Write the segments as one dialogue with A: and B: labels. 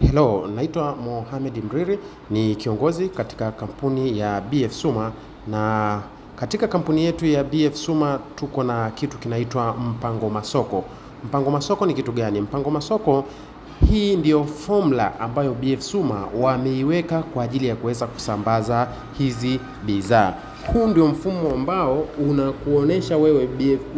A: Hello, naitwa Mohamed Mriri, ni kiongozi katika kampuni ya BF Suma na katika kampuni yetu ya BF Suma tuko na kitu kinaitwa mpango masoko. Mpango masoko ni kitu gani? Mpango masoko hii ndiyo formula ambayo BF Suma wameiweka kwa ajili ya kuweza kusambaza hizi bidhaa. Huu ndio mfumo ambao unakuonesha wewe,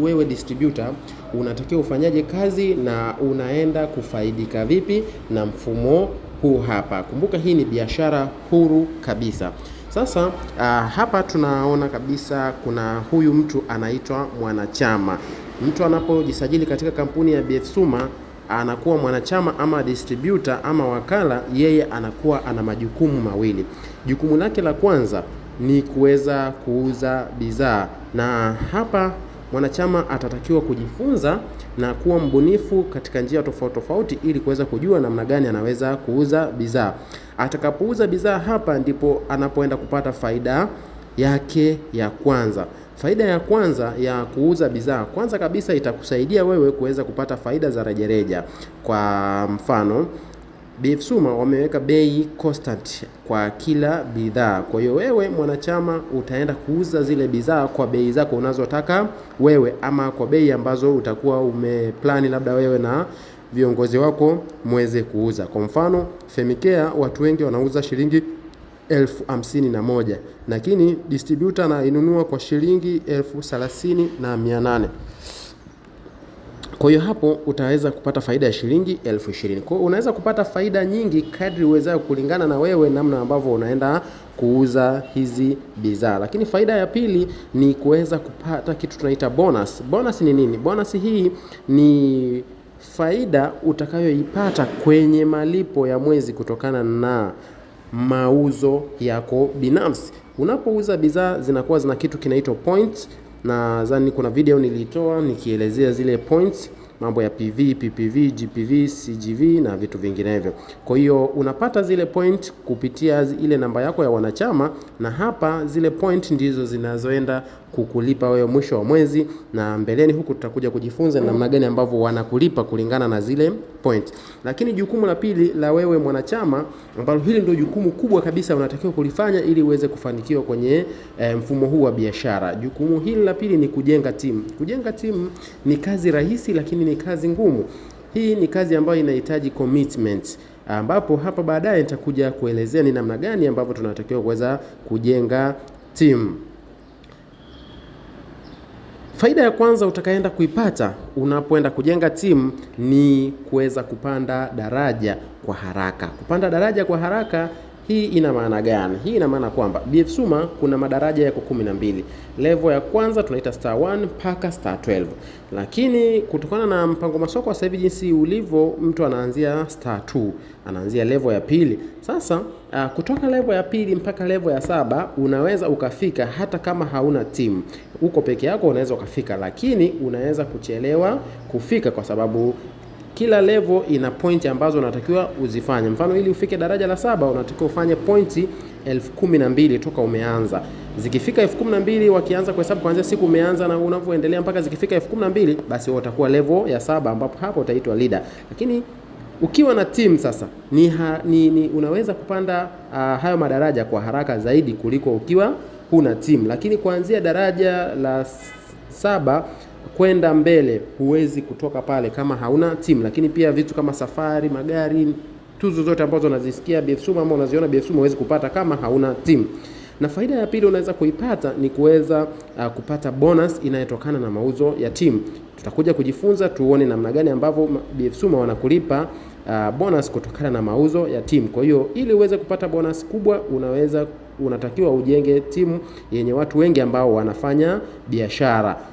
A: wewe distributor unatakiwa ufanyaje kazi na unaenda kufaidika vipi na mfumo huu hapa. Kumbuka hii ni biashara huru kabisa. Sasa uh, hapa tunaona kabisa kuna huyu mtu anaitwa mwanachama. Mtu anapojisajili katika kampuni ya BF Suma anakuwa mwanachama ama distributor ama wakala, yeye anakuwa ana majukumu mawili. Jukumu lake la kwanza ni kuweza kuuza bidhaa, na hapa mwanachama atatakiwa kujifunza na kuwa mbunifu katika njia tofauti tofauti ili kuweza kujua namna gani anaweza kuuza bidhaa. Atakapouza bidhaa, hapa ndipo anapoenda kupata faida yake ya kwanza. Faida ya kwanza ya kuuza bidhaa, kwanza kabisa itakusaidia wewe kuweza kupata faida za rejareja. Kwa mfano BF Suma wameweka bei constant kwa kila bidhaa. Kwa hiyo wewe mwanachama utaenda kuuza zile bidhaa kwa bei zako unazotaka wewe, ama kwa bei ambazo utakuwa umeplani labda wewe na viongozi wako mweze kuuza. Kwa mfano femikea watu wengi wanauza shilingi elfu hamsini na moja lakini distributor anainunua kwa shilingi elfu thelathini na mia nane. Kwa hiyo hapo utaweza kupata faida ya shilingi elfu ishirini. Kwa hiyo unaweza kupata faida nyingi kadri uwezayo kulingana na wewe namna ambavyo unaenda kuuza hizi bidhaa. Lakini faida ya pili ni kuweza kupata kitu tunaita bonus. Bonus ni nini? Bonus hii ni faida utakayoipata kwenye malipo ya mwezi kutokana na mauzo yako binafsi. Unapouza bidhaa zinakuwa zina kitu kinaitwa points nadhani kuna video nilitoa nikielezea zile points mambo ya PV, PPV, GPV, CGV na vitu vinginevyo. Kwa hiyo unapata zile point kupitia ile namba yako ya wanachama, na hapa zile point ndizo zinazoenda kukulipa wewe mwisho wa mwezi, na mbeleni huku tutakuja kujifunza mm. namna gani ambavyo wanakulipa kulingana na zile point. Lakini jukumu la pili la wewe mwanachama, ambalo hili ndio jukumu kubwa kabisa unatakiwa kulifanya ili uweze kufanikiwa kwenye e, mfumo huu wa biashara, jukumu hili la pili ni kujenga timu. Kujenga timu ni kazi rahisi, lakini ni kazi ngumu. Hii ni kazi ambayo inahitaji commitment ambapo hapa baadaye nitakuja kuelezea ni namna gani ambavyo tunatakiwa kuweza kujenga timu. Faida ya kwanza utakaenda kuipata unapoenda kujenga timu ni kuweza kupanda daraja kwa haraka. Kupanda daraja kwa haraka hii ina maana gani? Hii ina maana kwamba BF Suma kuna madaraja yako kumi na mbili. Level ya kwanza tunaita star 1 mpaka star 12, lakini kutokana na mpango masoko wa sasa hivi jinsi ulivyo, mtu anaanzia star 2, anaanzia level ya pili. Sasa uh, kutoka level ya pili mpaka level ya saba unaweza ukafika hata kama hauna timu, uko peke yako unaweza ukafika, lakini unaweza kuchelewa kufika kwa sababu kila level ina pointi ambazo unatakiwa uzifanye. Mfano, ili ufike daraja la saba unatakiwa ufanye pointi elfu kumi na mbili toka umeanza. Zikifika elfu kumi na mbili wakianza kuhesabu kuanzia siku umeanza na unavyoendelea mpaka zikifika elfu kumi na mbili basi utakuwa level ya saba, ambapo hapo utaitwa leader. Lakini ukiwa na team sasa ni, ha, ni, ni unaweza kupanda uh, hayo madaraja kwa haraka zaidi kuliko ukiwa huna team, Lakini kuanzia daraja la saba kwenda mbele, huwezi kutoka pale kama hauna timu. Lakini pia vitu kama safari, magari, tuzo zote ambazo unazisikia BF ama unaziona BF huwezi kupata kama hauna timu. Na faida ya pili unaweza kuipata ni kuweza uh, kupata bonus inayotokana na mauzo ya timu. Tutakuja kujifunza tuone namna gani ambavyo BF wanakulipa uh, bonus kutokana na mauzo ya timu. Kwa hiyo ili uweze kupata bonus kubwa, unaweza unatakiwa ujenge timu yenye watu wengi ambao wanafanya biashara.